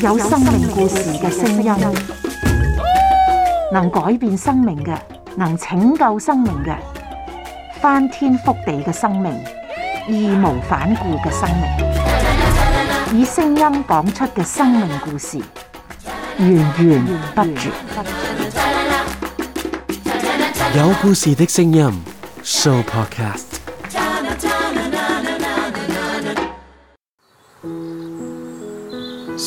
有生命故事嘅聲音，能改變生命嘅，能拯救生命嘅，翻天覆地嘅生命，義無反顧嘅生命，以聲音講出嘅生命故事，源源不絕。有故事嘅聲音，Show Podcast。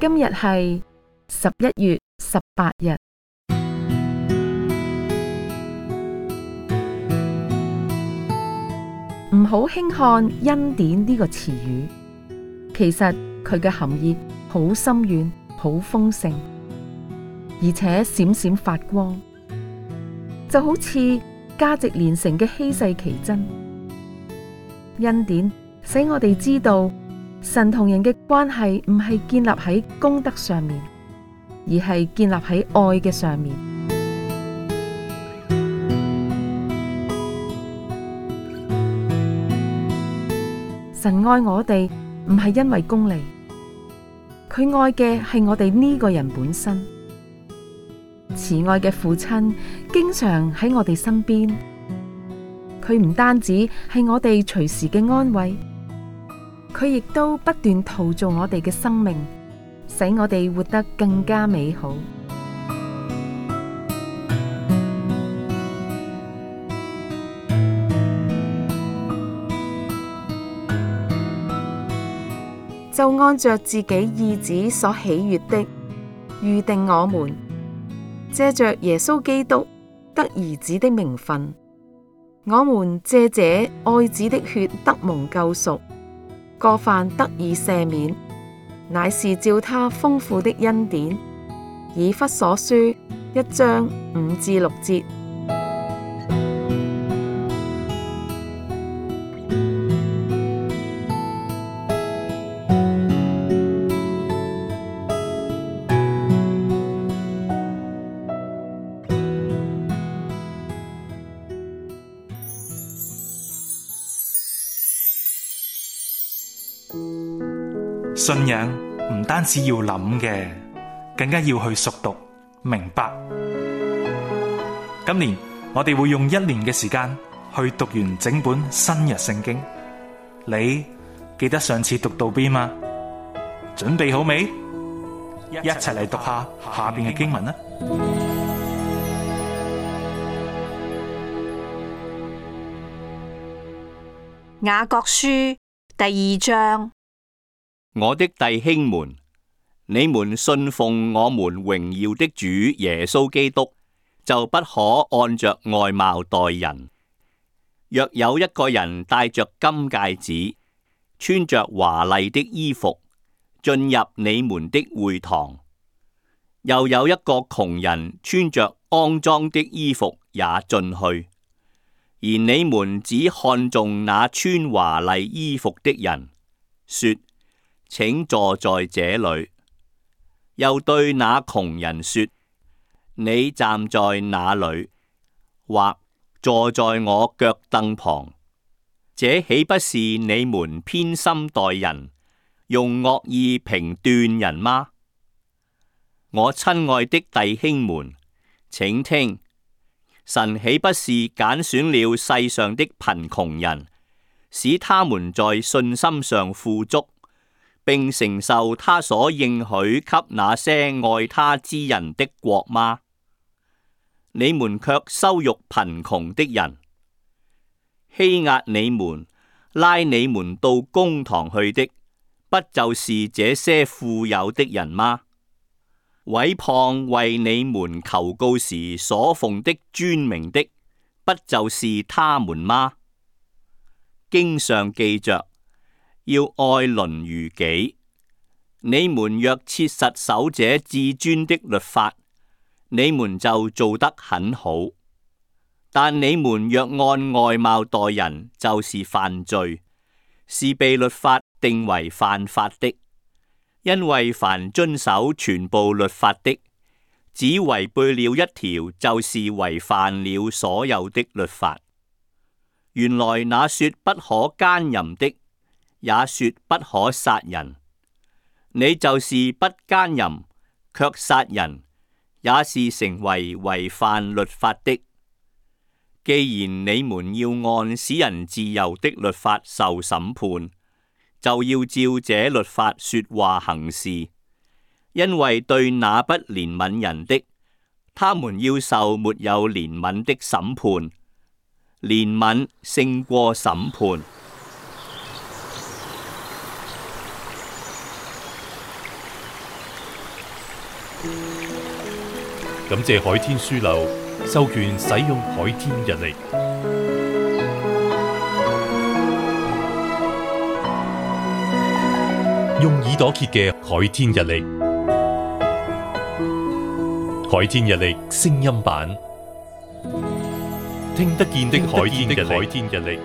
今日係十一月十八日。唔 好輕看恩典呢，這個詞語，其實佢嘅含義好深遠、好豐盛，而且閃閃發光，就好似價值連城嘅稀世奇珍。恩典使我哋知道。神同人嘅關係唔係建立喺功德上面，而係建立喺愛嘅上面。神愛我哋唔係因為功利，佢愛嘅係我哋呢個人本身。慈愛嘅父親經常喺我哋身邊，佢唔單止係我哋隨時嘅安慰。佢亦都不斷陶造我哋嘅生命，使我哋活得更加美好。就按着自己意旨所喜悅的預定，我們借着耶穌基督得兒子的名分，我們借這愛子的血得蒙救贖。過犯得以赦免，乃是照他豐富的恩典，以弗所書一章五至六節。信仰唔單止要諗嘅，更加要去熟讀明白。今年我哋會用一年嘅時間去讀完整本新約聖經。你記得上次讀到邊嗎？準備好未？一齊嚟讀下下面嘅經文啦。雅各書第二章。我的弟兄們，你們信奉我們榮耀的主耶穌基督，就不可按着外貌待人。若有一個人戴着金戒指，穿着華麗的衣服進入你們的會堂，又有一個窮人穿着骯髒的衣服也進去，而你們只看中那穿華麗衣服的人，說。請坐在這裏。又對那窮人說：你站在那裏，或坐在我腳凳旁。這豈不是你們偏心待人，用惡意評斷人嗎？我親愛的弟兄們，請聽：神豈不是揀選了世上的貧窮人，使他們在信心上富足？並承受他所應許給那些愛他之人的國嗎？你們卻羞辱貧窮的人，欺壓你們、拉你們到公堂去的，不就是這些富有的人嗎？毀謗為你們求告時所奉的尊名的，不就是他們嗎？經上記着。要愛鄰如己。你們若切實守這至尊的律法，你們就做得很好。但你們若按外貌待人，就是犯罪，是被律法定為犯法的。因為凡遵守全部律法的，只違背了一條，就是違反了所有的律法。原來那說不可奸淫的，也說不可殺人，你就是不姦淫，卻殺人，也是成為違犯律法的。既然你們要按使人自由的律法受審判，就要照這律法說話行事，因為對那不憐憫人的，他們要受沒有憐憫的審判。憐憫勝過審判。感謝海天書樓授權使用海天日曆，用耳朵揭嘅海天日曆，海天日曆聲音版，聽得見的海天日曆。